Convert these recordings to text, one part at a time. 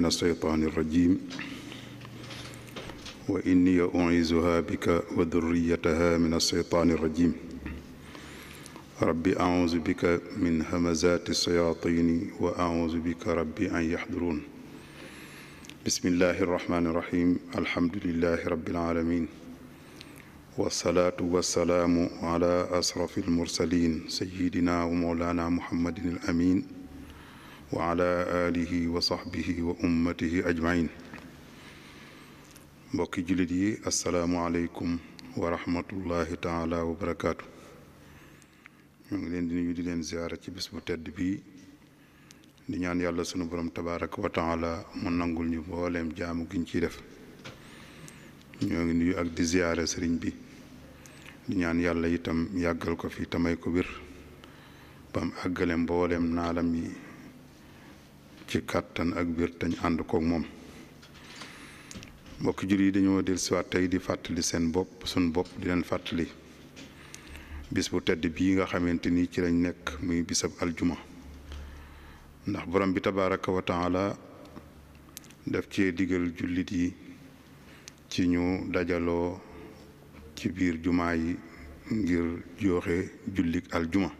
من الشيطان الرجيم وإني أعيذها بك وذريتها من الشيطان الرجيم رب أعوذ بك من همزات الشياطين وأعوذ بك رب أن يحضرون بسم الله الرحمن الرحيم الحمد لله رب العالمين والصلاة والسلام على أشرف المرسلين سيدنا ومولانا محمد الأمين wa ala alihi wa sahbihi wa ummatihi ajmain mbokki jullit yi asalaamualeykum wa rahmatullahi taala wa barakaatu ñu ngi leen di nuyu di leen ziyaara ci bis bu tedd bi di ñaan yàlla sunu borom tabaraka wa taala mu nangul ñu booleem jaamu giñ ciy def ñoo ngi nuyu ak di ziyaara sëriñ bi di ñaan yàlla itam yàggal ko fi tamay ko wér bam àggale mbooleem naalam yi ci kàttan ak biir tañ ànd koog moom mbokki jur yi dañoo dellusiwaat tey di fàttali seen bopp suñ bopp di leen fàttali bis bu tedd bii nga xamante ni ci lañ nekk muy bisab aljuma ndax borom bi a wa taala def cee diggal jullit yi ci ñu dajaloo ci biir jumaa yi ngir jooxe jullik aljuma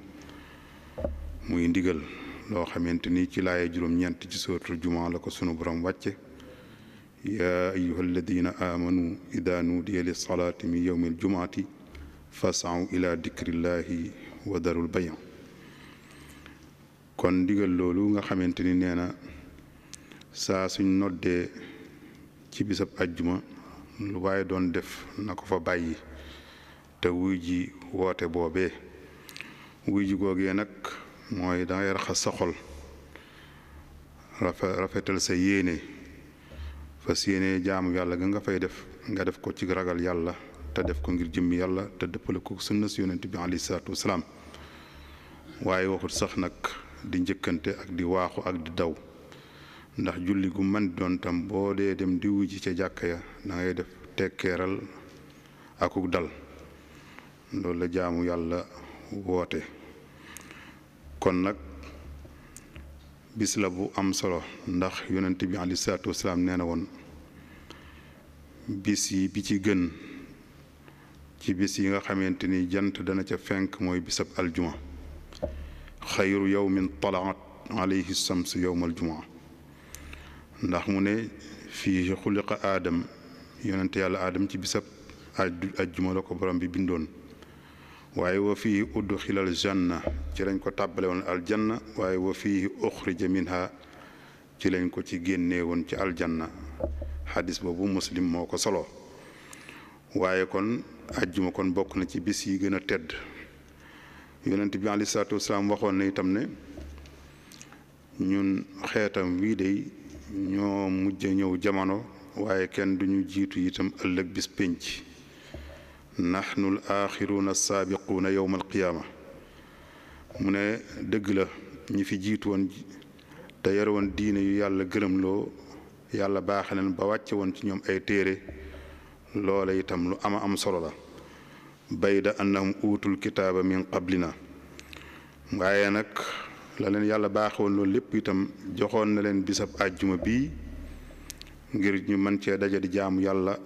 muy ndigal loo xamante ni ci laaya juróom-ñeent ci sootu jumaa la ko sunu borom wàcce yaa ayuha alladina amanu ida nuudiya li salaati min yowmi aljumaati fasaw ila dikrillahi wa darul bayan kon digal loolu nga xamante ni nee na saa suñ noddee ci bisab ajjuma lu waaye doon def na ko fa bàyyi te wuy ji woote boobee wuy ji googee nag mooy dangay raxas sa xol rafetal sa yéene fas yéene jaamu yàlla ga nga fay def nga def ko ci ragal yàlla te def ko ngir jëmm yàlla te dëppale ko sunna si yonent bi alayhi salaatu wasalaam waaye waxut sax nag di njëkkante ak di waaxu ak di daw ndax julli gu man doon tam boo dee dem di wuj ci ca jàkka ya da ngay def tekkeeral akuk dal loolu la jaamu yàlla woote kon nag bis la bu am solo ndax yonent bi aleyhi salaatu wasalaam nee na woon bis yi bi ci gën ci bis yi nga xamante ni jant dana ca fenk mooy bisab aljuma xayru yawmin talaat alayhi sams yowm aljumaa ndax mu ne fii xuliqa aadam yonent yàlla aadam ci bisab ajjuma la ko borom bi bindoon waaye wa fii udxilal na ci lañ ko tàbbale woon aljanna waaye wa fii uxrija minha ci lañ ko ci génnee woon ci aljana xadis boobu muslim moo ko solo waaye kon ajjuma kon bokk na ci bis yi gën a tedd yonent bi aleyhi salaatu wasalaam waxoon na itam ne ñun xeetam wii day ñoo mujj ñëw jamono waaye kenn duñu jiitu itam ëllëg bis pénc naxnu l axiruuna saabiquuna yowma alqiyaama mu ne dëgg la ñu fi jiitu woon te yore woon diine yu yàlla gërëmloo yàlla baaxe leen ba wàcce woon ci ñoom ay téere loola itam lu ama am solo la bayda annahum uutul kitaaba min qablina waaye nag la leen yàlla baaxe woon loolu lépp itam joxoon na leen bisab àjjuma bii ngir ñu mën cee daje di jaamu yàlla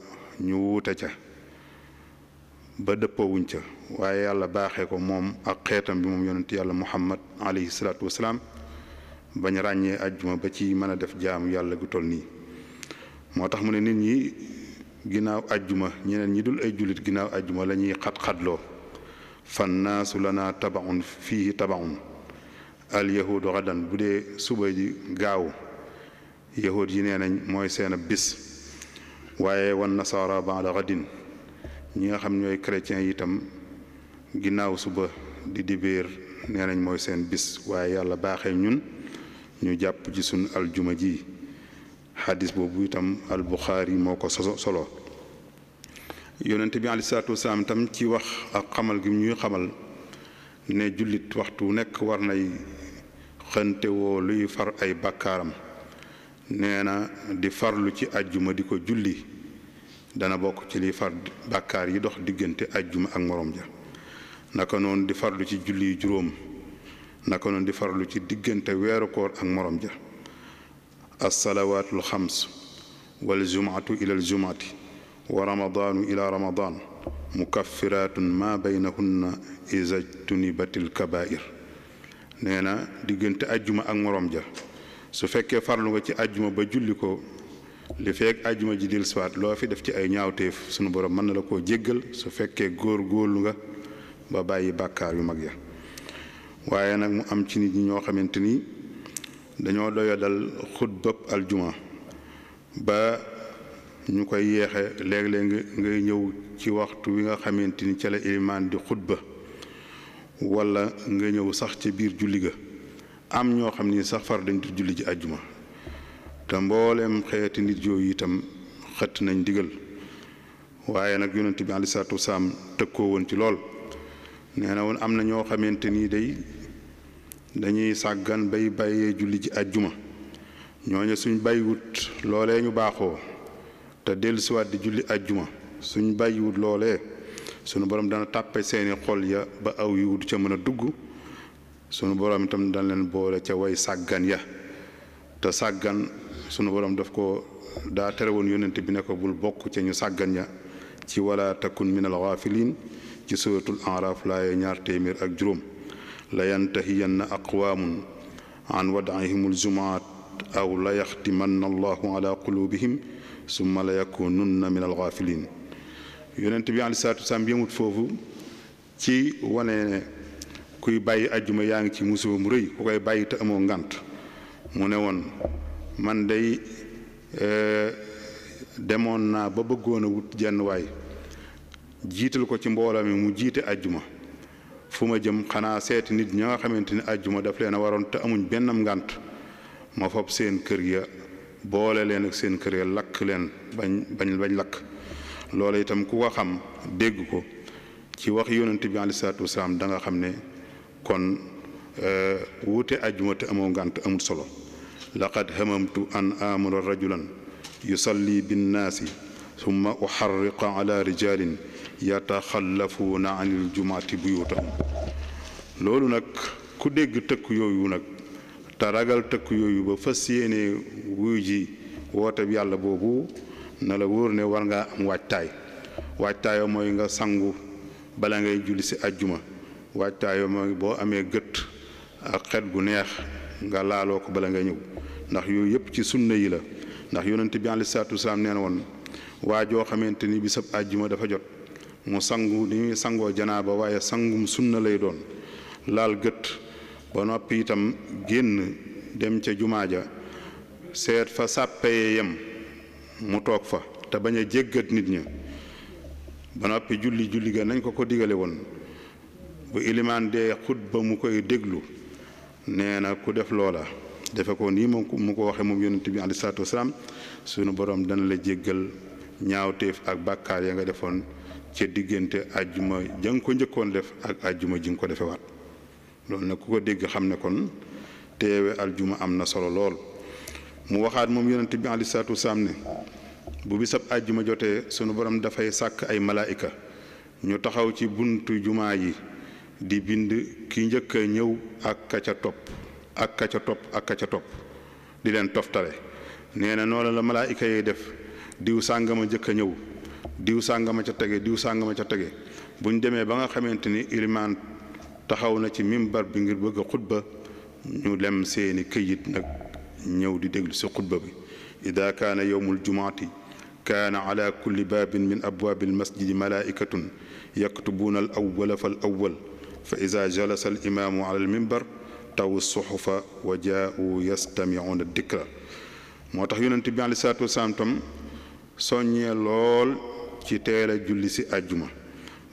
ñu wuute ca ba dëppoowuñ ca waaye yàlla baaxee ko moom ak xeetam bi moom yonent yàlla muhammad alayhi salaatu wasalaam bañ ràññee ajjuma ba ci mën a def jaamu yàlla gu toll nii moo tax mu ne nit ñi ginnaaw ajjuma ñeneen ñi dul ay jullit ginnaaw ajjuma la ñuy xat-xatloo fannaasu lana tabaxun fii tabaun al yahudu gadan bu dee suba ji gaaw yahud yi nee nañ mooy seen bis waaye wan nasaara baada gadin ñi nga xam ñooy chrétiens yi itam ginnaaw suba di dibéer nee nañ mooy seen bis waaye yàlla baaxee ñun ñu jàpp ci suñ aljuma ji xadis boobu itam al buxaari moo ko soso solo yonente bi alayhi salaatu wasalaam itam ci wax ak xamal gi ñuy xamal ne jullit waxtu nekk war nay xëntewoo luy far ay bakkaaram nee na di farlu ci ajjuma di ko julli dana bokk ci li far bàkkaar yi dox diggante ajjuma ak morom ja naka noonu di farlu ci julli juróom naka noon di farlu ci diggante weeru koor ak moroom ja assalawaatul xams wal jumaatu ila al jumaati wa ramadaanu ila ramadaan mukaffiratun ma baynahunna isajtunibatil kabair nee na diggante ajjuma ak moroom ja su fekkee farlu nga ci ajjuma ba julli ko li feek ajuma ji dil siwaat loo fi def ci ay ñaawteef sunu borom mën na la koo jéggal su fekkee góor góorlu nga ba bàyyi bàkkaar yu mag ya waaye nag mu am ci nit ñi ñoo xamante ni dañoo doyadal dal xutbab aljuma ba ñu koy yéexe léeg-léeg nga ngay ñëw ci waxtu wi nga xamante ni ca la ilimaan di xutba wala nga ñëw sax ci biir julli ga am ñoo xam ni sax far dañ di julli ci ajjuma te mbooleem xeeti nit yooyu itam xëtt nañ digal waaye nag yonent bi aleyhi salaatu wasalaam tëkkoo woon ci lool nee na woon am na ñoo xamante nii day dañuy sàggan bay bàyyee julli ji àjjuma ñooñu suñ bàyyiwut loolee ñu baaxoo te dellusiwaat di julli àjjuma suñ bàyyiwut loolee sunu borom dana tàppe seeni xol ya ba aw yiw du ca mën a dugg sunu borom itam dana leen boole ca way sàggan ya te sàggan sunu borom daf ko daa tere woon yónnent bi ne bul bokk ca ñu sàggan ña ci wala takun min al ci suratul araf laaye ñaar téeméer ak juróom la yantahiyanna aqwaamun an wad'ihimul jumaat aw la yaxtimanna allahu ala qulubihim summa la yakununna min al ghafilin bi alayhi salaatu yëmut foofu ci wane ne kuy bàyyi ajjuma yaa ngi ci musiba mu rëy ku koy bàyyi te amoo ngant mu ne woon man day eh, demoon naa ba bëggoon a wut jenn waay jiital ko ci mbooloo mi mu jiite ajjuma fu ma jëm xanaa seeti nit ña nga xamante ni ajjuma daf leen a waroon te amuñ benn ngànt ma fob seen kër ya boole leen ak seen kër ya lakk leen bañ bañ bañ lakk loola itam ku ko xam dégg ko ci wax yonent bi aleyhi salaatu wasalaam da nga xam ne kon eh, wuute ajjuma te amoo ngànt amul solo laqad hamamtu an amura rajulan yusalli binnaasi summa uxarriqa ala rijalin yataxallafuuna anil jumaati buyutahum loolu nag ku dégg tëkk yooyu nag te ragal tëkk yooyu ba fas yéene wuy ji woote bi yàlla boobu na la wóor ne war ngaa am waajtaay waajtaayoo mooy nga sangu bala ngay julli ci àjjuma waajtaayoo mooy boo amee gët ak xet gu neex nga laaloo ko bala nga ñëw ndax yooyu yëpp ci sunna yi la ndax yonent bi aleyhi salaatu wasalaam nee na woon waa joo xamante ni bisab àjjuma dafa jot mu sangu ni sangoo janaa ba waaye sangum sunna lay doon laal gët ba noppi itam génn dem ca jumaa ja seet fa sàppee yem mu toog fa te bañ a jéggat nit ña ba noppi julli julli nañ ko ko digale woon bu ilimaan dee xutba mu koy déglu nee na ku def loola defe ko nii moom mu ko waxee moom yonent bi aleyhi salaatu wasalaam sunu boroom dana la jéggal ñaawteef ak bakkaar ya nga defoon ca diggante ajjuma ja nga ko njëkkoon def ak ajjuma jing ko defee waat loolu nag ku ko dégg xam ne kon teewe aljuma am na solo lool mu waxaat moom yonent bi aleyhi salaatu wasalaam ne bu bisab ajjuma jotee sunu borom dafay sàkk ay malaayika ñu taxaw ci buntu jumaa yi di bind ki njëkk a ñëw ak ka ca topp ak ka ca topp ak ka di leen toftale nee na noonu la malaayika yee def diw sàngama njëkk a ñëw diw sàngama ca tege diw sàngama ca tege bu ñu demee ba nga xamante ni ilimaan taxaw na ci mimbar bi ngir bëgg a xutba ñu lem seeni këyit nag ñëw di déglu si xutba bi ida kaana yowmul jumaati kaana ala kulli baabin min abwaabil masjidi malaa'ikatun yaktubuuna al awwala fal awwal fa ida jalasa al imaamu ala al mimbar taw suxufa wa jaau yastamiuuna dikra moo tax yonent bi alei salatu tam soññee lool ci teel a julli si àjjuma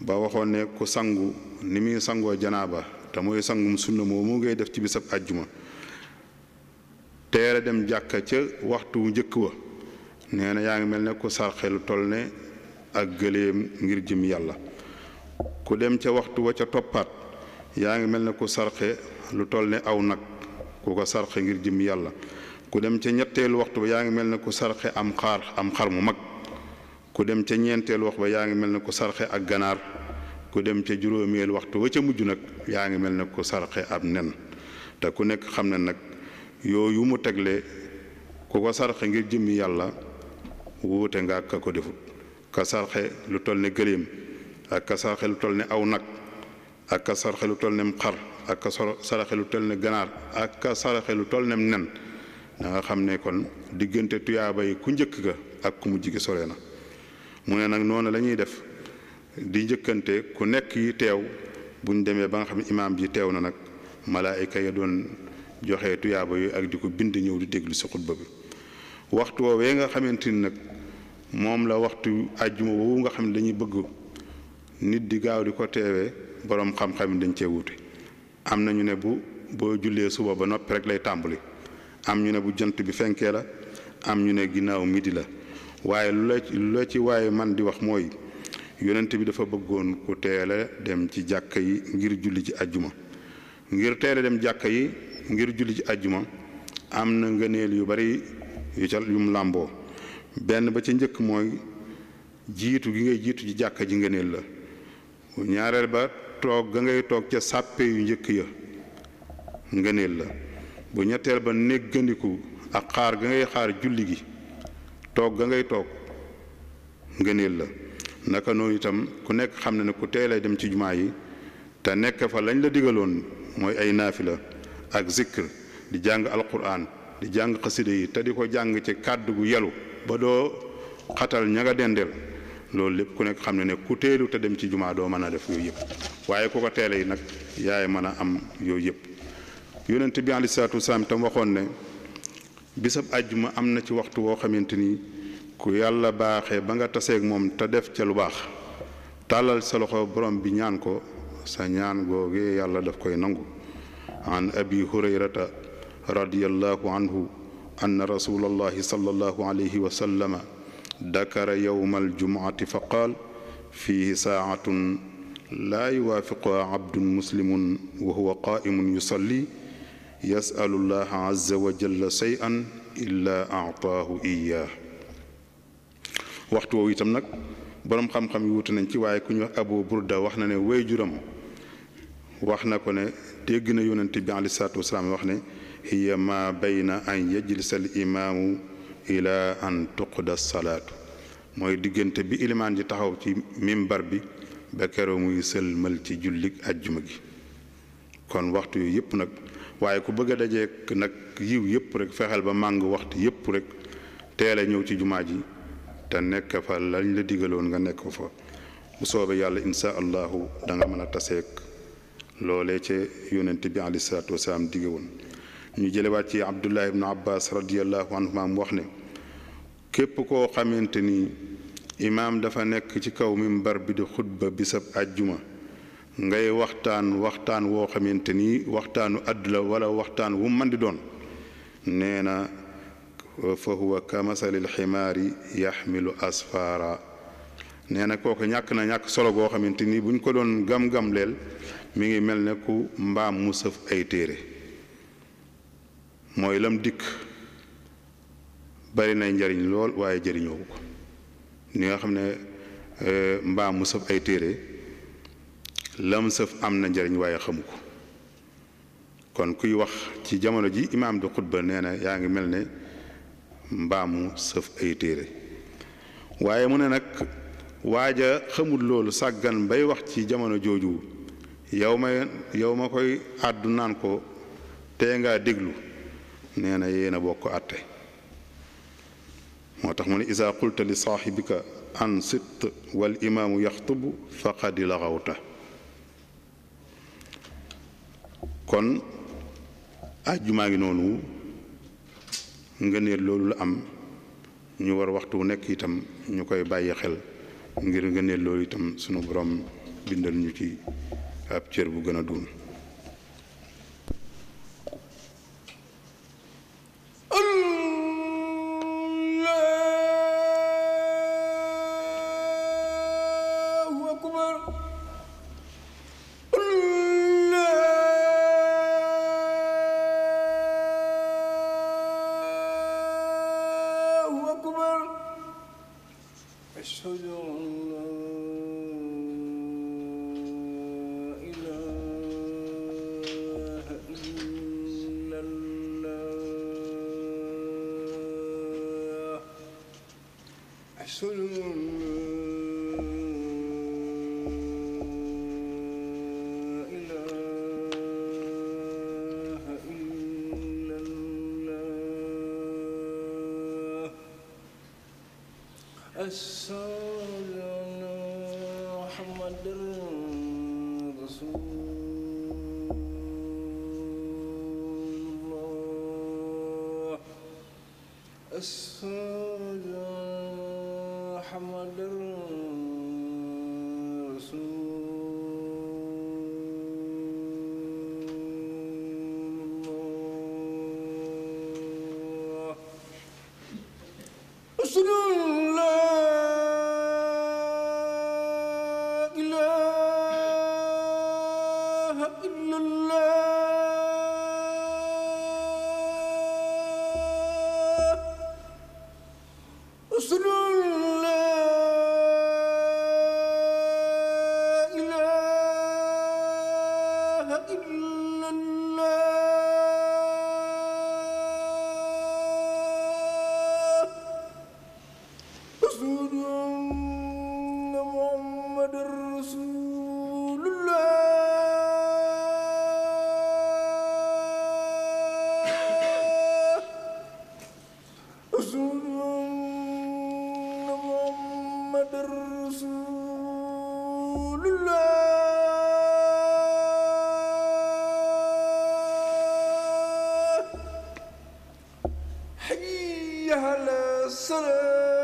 ba waxoon ne ku sangu ni muy sangoo janaaba te mooy sangum sunna moo ngay def ci bisab àjjuma teel a dem jàkka ca waxtu njëkk wa nee yaa ngi mel ne ku sarxelu toll ne ak gëléem ngir jëm yàlla ku dem ca waxtu wa ca toppaat yaa ngi mel ne ku sarxe lu toll ne aw nag ku ko sarxe ngir jëm yàlla ku dem ca ñetteelu waxtu ba yaa ngi mel ne ku sarxe am xaar mu mag ku dem ca ñeenteelu waxtu yaa ngi mel ne ku sarxe ak ganaar ku dem ca juróomeelu waxtu wa ca mujj nag yaa ngi mel ne ku sarxe ab nen te ku nekk xam ne nag yooyu mu tegle ku ko sarxe ngir jëmmi yàlla wuute nga ka ko defut ka sarxe lu toll ne gëléem ak ka sarxe lu toll ne aw nag ak ka saraxe toll nem xar ak ka saraxe lu toll ne ganaar ak ka saraxe lu toll nem nen da xam ne kon diggante tuyaaba yi ku njëkk ga ak ku mu gi sole na mu ne nag noonu lañuy def di njëkkante ku nekk yi teew buñ demee ba nga xam imaam ji teew na nag malaayika ya doon joxe tuyaaba yi ak di ko bind ñëw di déglu si xutba bi waxtu woowee nga xamante ni nag moom la waxtu àjjuma wowu nga xam ne dañuy bëgg nit di gaaw di ko teewee boroom xam-xam dañ cee wuti am na ñu ne bu boo jullee suba ba noppi rek lay tàmbali am ñu ne bu jant bi fenkee la am ñu ne ginnaaw midi la waaye lu la ci waaye man di wax mooy yonent bi dafa bëggoon ku teele dem ci jàkk yi ngir julli ci àjjuma ngir teele dem jàkk yi ngir julli ci àjjuma am na ngëneel yu bari yu ca yum làmboo benn ba ci njëkk mooy jiitu gi ngay jiitu ci jàkka ji ngëneel la bu ñaareel ba toog ga ngay toog ca sàppe yu njëkk ya ngëneel la bu ñetteel ba néggandiku ak xaar ga ngay xaar julli gi toog ga ngay toog ngëneel la naka noonu itam ku nekk xam ne ne ku teelee dem ci jumaa yi te nekk fa lañ la digaloon mooy ay naafila ak zikr di jàng alquran di jàng xasida yi te di ko jàng ci kàddu gu yalu ba doo xatal ña nga dendeel loolu lépp ku nekk xam ne ne ku teelu te dem ci jumaa doo mën a def yooyu yëpp waaye ko ko teele yi nag yaay mën a am yooyu yëpp yonent bi aleyhi salaatu wasalaam tam waxoon ne bisab àjjuma am na ci waxtu woo xamante ni ku yàlla baaxee ba nga taseeg moom te def ca lu baax tàllal sa loxo borom bi ñaan ko sa ñaan googee yàlla def koy nangu an abi hurayrata radiallahu anhu anna rasulallahi sallallahu alayhi wa sallama dakara yowma aljumuati fa qaal fiihi saacatun laa yuwaafiquha abdun muslimun wa huwa qaaimun yusalli yasalu llaha azza wa jalla shay'an illa aataahu iyaa waxtu woowu itam nag boroom xam-xam yi wuute nañ ci waaye ku ñu wax abu burda wax na ne way juram wax na ko ne dégg na yonent bi alei salaatu wasalaam wax ne hiya ma bayna an yajlisa al imaamu ila an tuquda salaatu mooy diggante bi ilimaan ji taxaw ci mimbar bi ba keroo muy sëlmal ci jullig ajjuma gi kon waxtu yi yëpp nag waaye ku bëgg a dajeek nag yiw yëpp rek fexeel ba màng waxtu yëpp rekk teel a ñëw ci jumaa ji te nekk fa lañ la digaloon nga nekk fa bu soobee yàlla insha allahu danga mën a taseek loolee ca yonent bi alayhi salaatu wasalaam dige woon ñu jëlewaat ci abdullah ibnu abbas radiallahu anhuma mu wax ne képp koo xamante ni imaam dafa nekk ci kaw mimbar bi di xutba bisab àjjuma ngay waxtaan waxtaan woo xamante ni waxtaanu àddula la wala waxtaan wu man di doon nee na fa huwa kamasalil ximaari yaxmilu asfaara nee na kooku ñàkk na ñàkk solo goo xamante ni buñ ko doon gam-gam leel mi ngi mel ne ku mbaam mu sëf ay téere mooy lam dikk bari nay njariñ lool waaye jëriñoo ko ni nga xam ne eh, mbaam mu sëf ay téere lam sëf am na njariñ waaye xamu ko kon kuy wax ci jamono ji imaam di xutba nee na yaa ngi mel ne mbaamu sëf ay téere waaye mu ne nag waaja xamul loolu sàggan bay wax ci jamono jooju yow ma yow ma koy àddu naan ko tee ngaa déglu nee na yéen a bokk àtte moo tax mu ne isa qulta li saaxibika an sit wal imaamu yaxtubu faqadi la xawta kon àjjumaa ngi noonu nga ne loolu la am ñu war waxtu wu nekk itam ñu koy bàyyi xel ngir nga ne loolu itam sunu borom bindal ñu ci ab cër bu gën a duun أكبر أشهد محمد رسول الله أشهد محمد رسول يهل السلام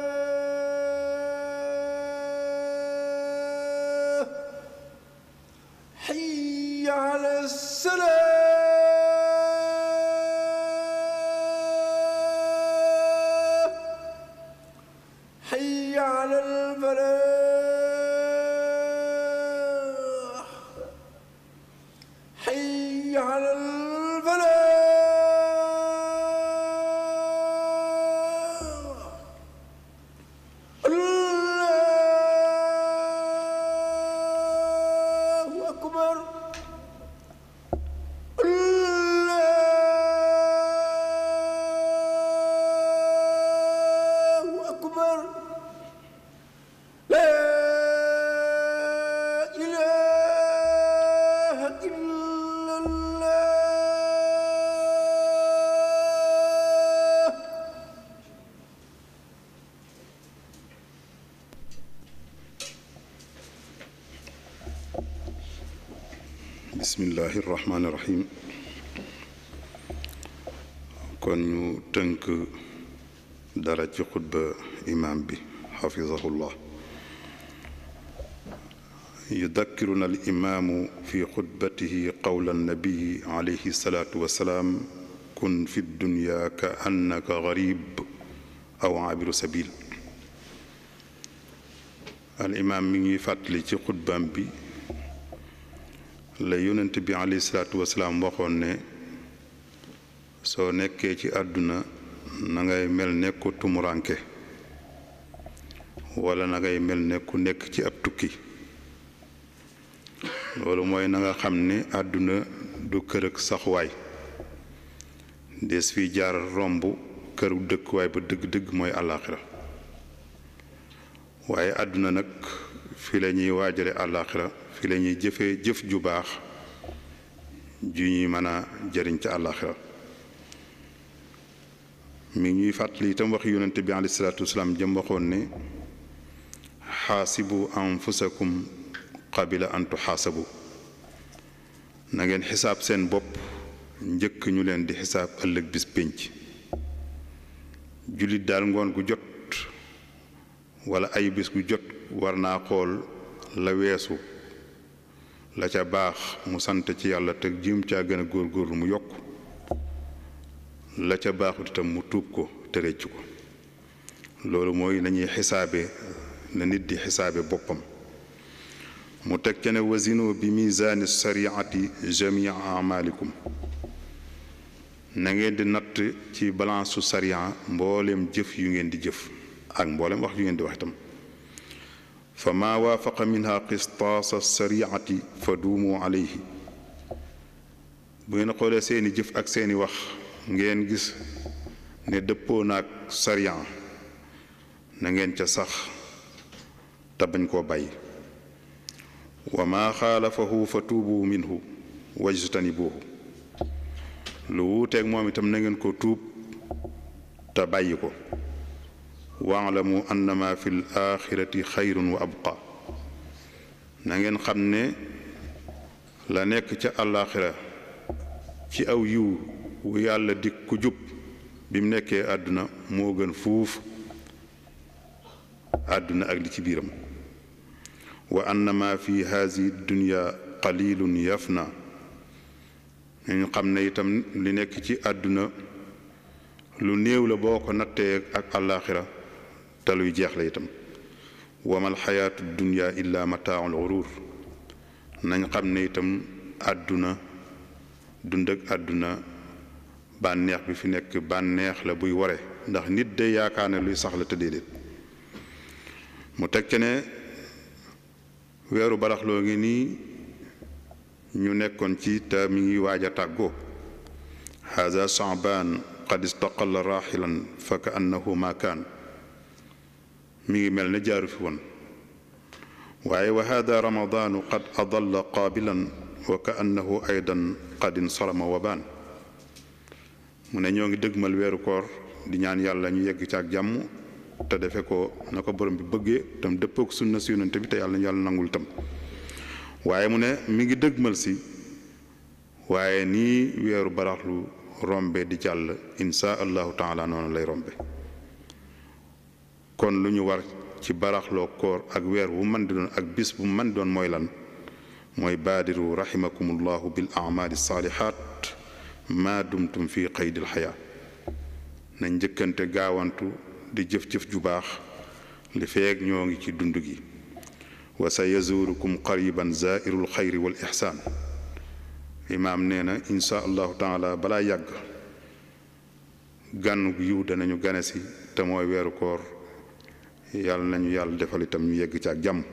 bismillahi irrahmaani irrahim kon ñu tënk dara ci xutba imaam bi xafizahullah yudakkiruna al imaamu fi xutbatihi qawla nabiyi alayhi salaatu wasalaam kun fi dunya ka annaka garib aw abiru sabil al imaam mi ngi fàttali ci xutbaam bi la yonent bi alayhi salaatu wasalaam waxoon ne soo nekkee ci àdduna na ngay mel ne ku tumuranke wala na ngay mel nekku nekk ci ab tukki loolu mooy nanga xam ne àdduna du kër ak saxuwaay des fi jaar romb këru dëkkuwaay ba dëgg-dëgg mooy àllaaxira waaye àdduna nag fi la ñuy waajale àllaaxira fi la ñuy jëf ju baax ju ñuy mën a jëriñ ca àllaxira mi ñuy fàttali itam wax yonente bi alayhi salaatu wasalaam jëm waxoon ne xaasibu anfusakum qabila an tuxaasabu na xisaab seen bopp njëkk ñu leen di xisaab ëllëg bis pénc jullit daal ngoon gu jot wala ay bis gu jot war naa xool la weesu la ca baax mu sant ci yàlla te jiim caa góor góor lu mu yokk la ca baaxut itam mu tuub ko te rëcc ko loolu mooy nañuy xisaabe na nit di xisaabe boppam mu teg ca ne wasino bi misaani sariati jamia amalikum na ngeen di natt ci balance su sariya mbooleem jëf yu ngeen di jëf ak mbooleem wax yu ngeen di wax itam fa maa waafaqa minha qistaasa sariati fa duumu alayhi bu ngeen xoolee seeni jëf ak seeni wax ngeen gis ne dëppoo naag sariyan na ngeen ca sax te bañ koo bàyyi wa maa xaalafahu fa tuubu minhu wajtanibuhu lu wuuteeg moom itam na ngeen ko tuub te bàyyi ko waalamu annama fi l axirati xayrun wa abqa na ngeen xam ne la nekk ca àllaaxira ci aw yiw yàlla dik ku jub bi mu nekkee àdduna moo gën fuuf àdduna ak li ci biiram wa annama fi haasi dunya qalilun yafna ñu xam ne itam li nekk ci àdduna lu néew la boo ko nattee ak àllaaxira te luy jeex la itam wamal xayaatu dunya illa mataaul xuruur nañ xam ne itam àdduna dund ak àdduna bànneex bi fi nekk bànneex la buy ware ndax nit de yaakaar ne luy sax la te mu teg ci ne weeru baraxloo ngi nii ñu nekkoon ci te mi ngi waaj a tàggoo haza saabaan qad istaqalla raxilan fa ka ma kaan mi ngi mel ne jaaru fi won waaye wa hada ramadaanu qad adalla qaabilan wa ka annahu aydan qad insalama wa mu ne ñoo ngi dëgmal weeru koor di ñaan yàlla ñu yegg ci ak jàmm te defe ko na ko borom bi bëggee tam dëppook sunna si yonante bi te yàlla ñu yàlla nangul tam waaye mu ne mi ngi dëggmal si waaye nii weeru baraxlu rombee di jàll insha allahu taala noonu lay rombe kon lu ñu war ci baraxloo koor ak weer wu man di doon ak bis bu man doon mooy lan mooy baadiru raximakumullahu bil amali saalihaat maa dumtum fi qaydil xayaa na njëkkante gaawantu di jëf-jëf ju baax li feeg ñoo ngi ci dund gi wa sa yazurukum qariban zairul xayri wal ixsaan imaam nee na insha allahu taala balaa yàgg gànnu yiw danañu gane si te mooy weeru koor yàlla nañu yàlla defal itam ñu yegg ci ak jàmm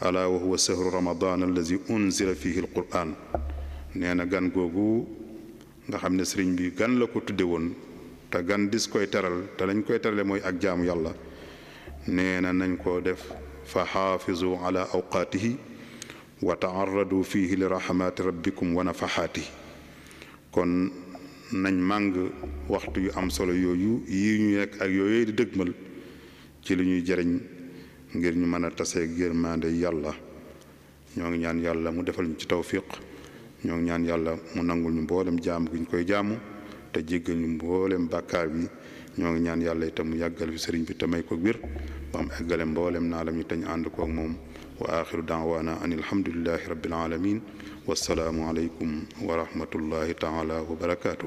ala wa huwa sahru ramadan allazi unzila fihi alquran nee na gan googu nga xam ne sëriñ bi gan la ko tudde woon te gan dis koy teral te lañ koy terale mooy ak jaamu yàlla nee na nañ ko def fa xaafizu ala awqaatihi wa taaradu fihi li rahmati rabbikum wa nafaxaati kon nañ màng waxtu yu am solo yooyu yi ñu nekk ak yooyu di dëgmal ci li ñuy jariñ ngir ñu mën a tasee gërmande yàlla ñoo ngi ñaan yàlla mu defal ñu ci tawfiq ñoo ngi ñaan yàlla mu nangul ñu mboolem jaam gi koy jaamu te jéggal ñu mboolem bàkkaar bi ñoo ngi ñaan yàlla itam mu yàggal fi sëriñ bi te may ko bir ba mu mboolem naa la ñu tañ ànd kook moom wa axiru daawaana an alhamdulillahi rabbil alamin wassalaamu aleykum wa rahmatullahi taala wa barakaatu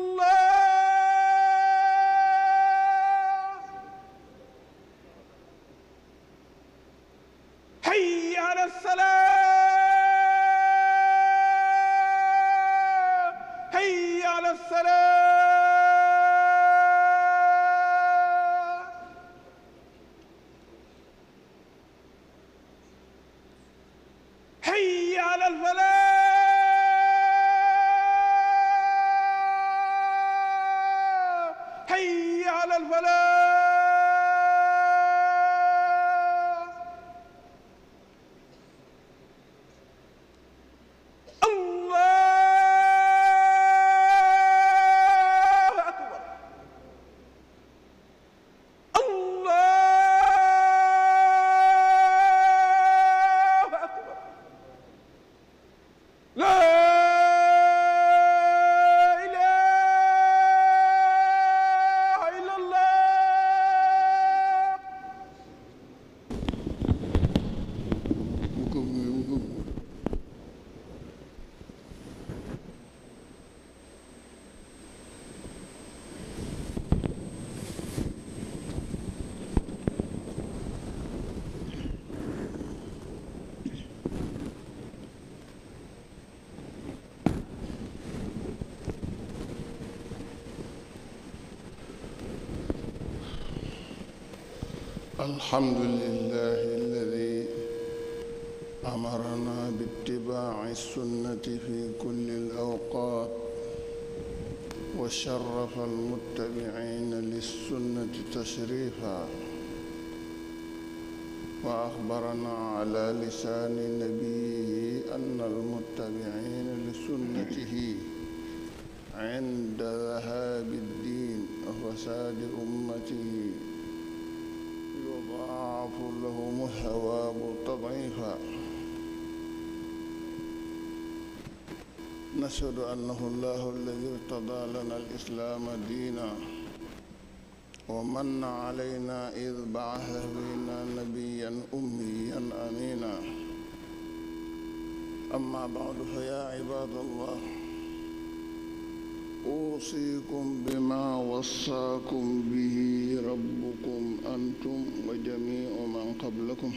الحمد لله الذي أمرنا باتباع السنة في كل الأوقات وشرف المتبعين للسنة تشريفا وأخبرنا على لسان نبيه أن المتبعين نشهد أنه الله الذي ارتضى لنا الإسلام دينا ومن علينا إذ بعث فينا نبيا أميا أمينا أما بعد فيا عباد الله أوصيكم بما وصاكم به ربكم أنتم وجميع من قبلكم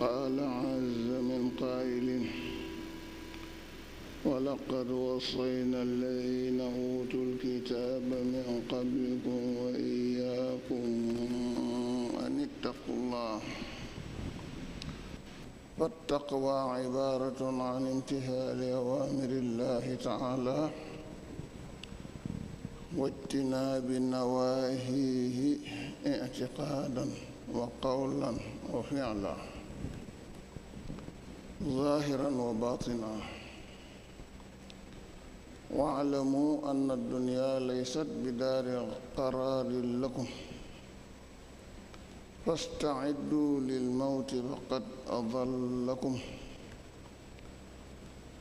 قال عز من قائل ولقد وصينا الذين أوتوا الكتاب من قبلكم وإياكم أن اتقوا الله فالتقوى عبارة عن امتثال أوامر الله تعالى واجتناب نواهيه اعتقادا وقولا وفعلا ظاهرا وباطنا واعلموا أن الدنيا ليست بدار قرار لكم فاستعدوا للموت فقد أضلكم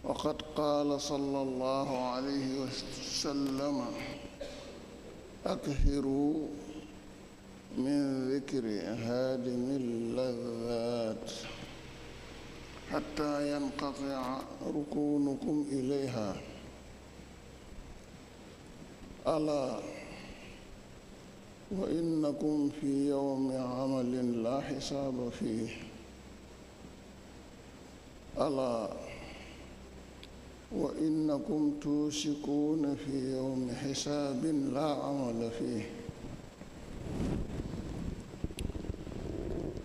وقد قال صلى الله عليه وسلم أكثروا من ذكر هادم اللذات حتى ينقطع ركونكم إليها ألا وإنكم في يوم عمل لا حساب فيه ألا وإنكم توشكون في يوم حساب لا عمل فيه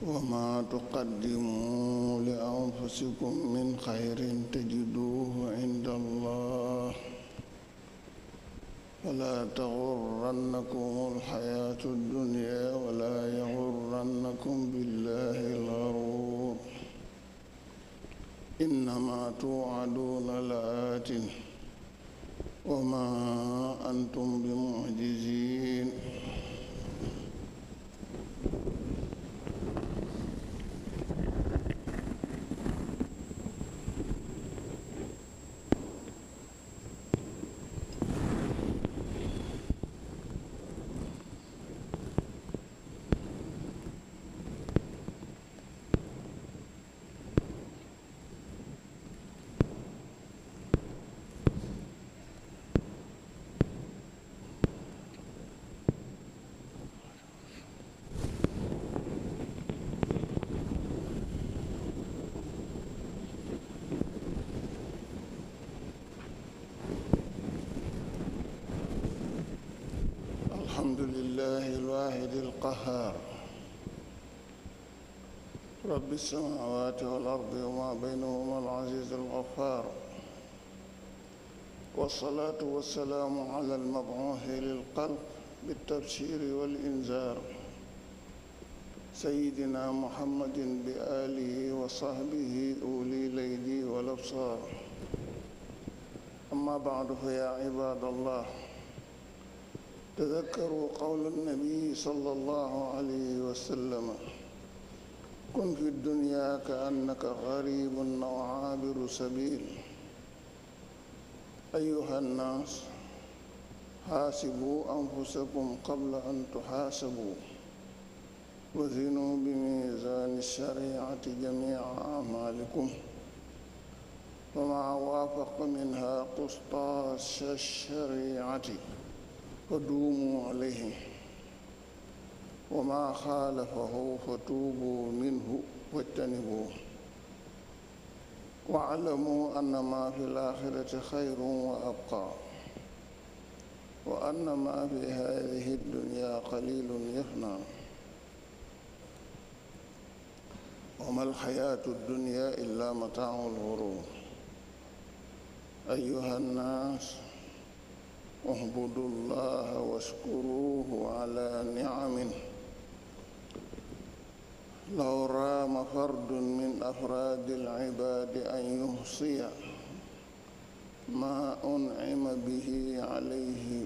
وما تقدموا لأنفسكم من خير تجدوه عند الله ولا تغرنكم الحياة الدنيا ولا يغرنكم بالله الغرور إنما توعدون لآتٍ وما أنتم بمعجزين الحمد لله الواحد القهار رب السماوات والأرض وما بينهما العزيز الغفار والصلاة والسلام على المبعوث للقلب بالتبشير والإنذار سيدنا محمد بآله وصحبه أولي الأيدي والأبصار أما بعد فيا عباد الله تذكروا قول النبي صلى الله عليه وسلم كن في الدنيا كأنك غريب أو عابر سبيل أيها الناس حاسبوا أنفسكم قبل أن تحاسبوا وزنوا بميزان الشريعة جميع أعمالكم وما وافق منها قسطاس الشريعة فدوموا عليه وما خالفه فتوبوا منه واجتنبوه واعلموا أن ما في الآخرة خير وأبقى وأن ما في هذه الدنيا قليل يفنى وما الحياة الدنيا إلا متاع الغرور أيها الناس اعبدوا الله واشكروه على نعمه لو رام فرد من أفراد العباد أن يحصي ما أنعم به عليه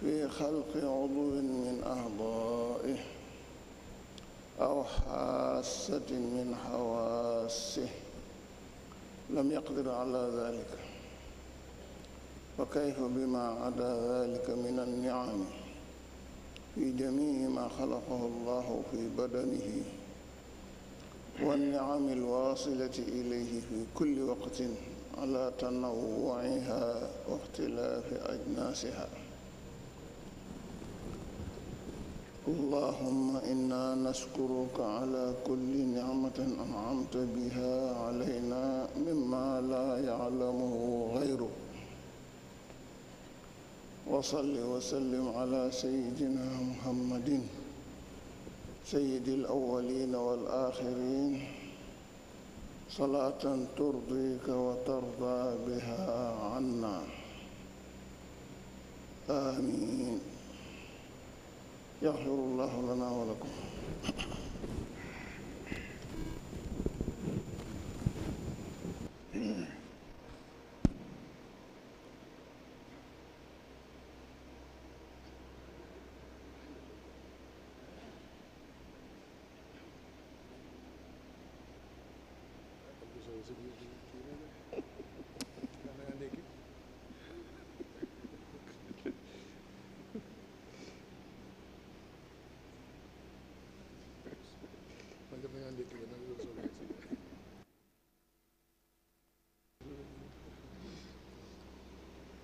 في خلق عضو من أعضائه أو حاسة من حواسه لم يقدر على ذلك wa kayfa bima ada dalika min anniami fi jamii ma xalaqahu allahu fi badanihi والنعم الواصلة إليه في كل وقت على تنوعها واختلاف أجناسها اللهم إنا نشكرك على كل نعمة أنعمت بها علينا مما لا يعلمه غيرك وصل وسلم على سيدنا محمد سيد الأولين والآخرين صلاة ترضيك وترضى بها عنا آمين يغفر الله لنا ولكم Mm-hmm.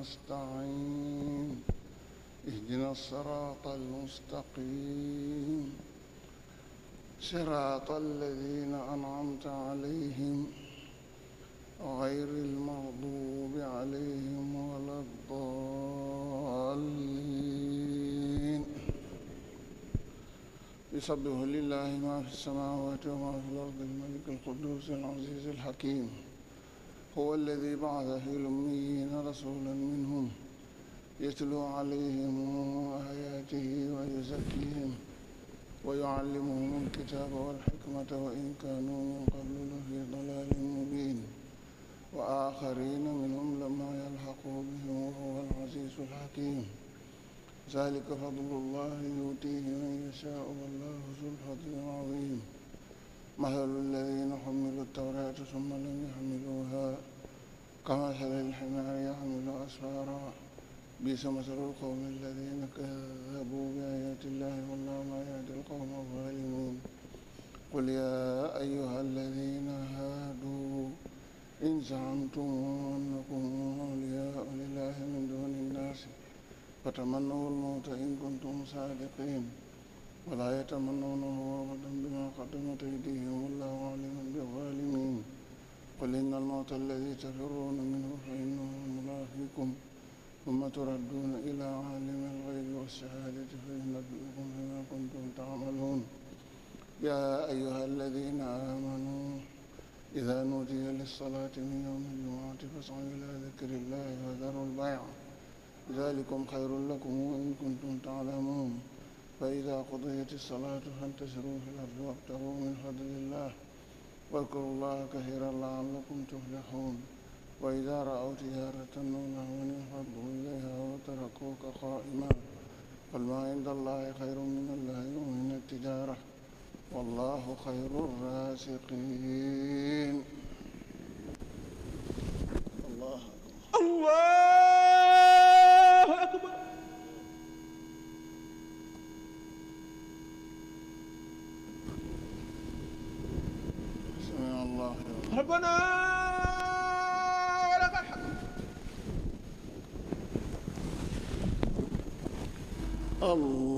نستعين اهدنا الصراط المستقيم صراط الذين أنعمت عليهم غير المغضوب عليهم ولا الضالين يسبح لله ما في السماوات وما في الأرض الملك القدوس العزيز الحكيم هو الذي بعث في الأميين رسولا منهم يتلو عليهم آياته ويزكيهم ويعلمهم الكتاب والحكمة وإن كانوا من قبل لفي ضلال مبين وآخرين منهم لما يلحقوا بهم وهو العزيز الحكيم ذلك فضل الله يؤتيه من يشاء والله ذو الفضل العظيم مثل الذين حملوا التوراة ثم لم يحملوها كما مثل الحمار يحمل أسفارا بئس مثل القوم الذين كذبوا بآيات الله والله ما يهدي القوم الظالمين قل يا أيها الذين هادوا إن زعمتم أنكم أولياء لله من دون الناس فتمنوا الموت إن كنتم صادقين ولا يتمنونه أبدا بما قدمت أيديهم والله عليم بالظالمين قل إن الموت الذي تفرون منه فإنه ملاقيكم ثم تردون إلى عالم الغيب والشهادة فينبئكم بما كنتم تعملون يا أيها الذين آمنوا إذا نودي للصلاة من يوم الجمعة فاسعوا إلى ذكر الله وذروا البيع ذلكم خير لكم إن كنتم تعلمون فإذا قضيت الصلاة فانتشروا في الأرض وابتغوا من فضل الله واذكروا الله كثيرا لعلكم تفلحون وإذا رأوا تجارة أو لهوا انفضوا إليها وتركوك قائما قل ما عند الله خير من الله ومن التجارة والله خير الرازقين الله الله ربنا ولك الحمد الله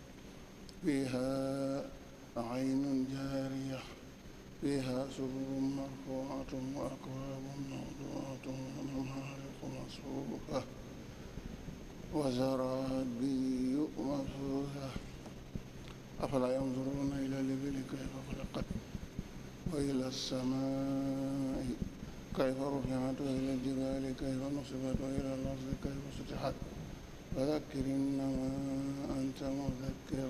فيها عين جارية فيها سرر مرفوعة وأكواب موضوعة ونمارق مصفوفة وزرابي مبثوثة أفلا ينظرون إلى الإبل كيف خلقت وإلى السماء كيف رفعت وإلى الجبال كيف نصبت وإلى الأرض كيف سطحت فذكر إنما أنت مذكر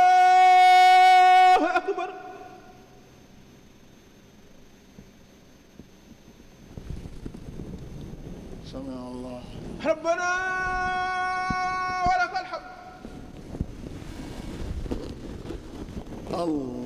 سمع الله ربنا ولك الحمد الله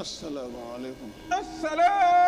asalaamaaleykum. asalaam.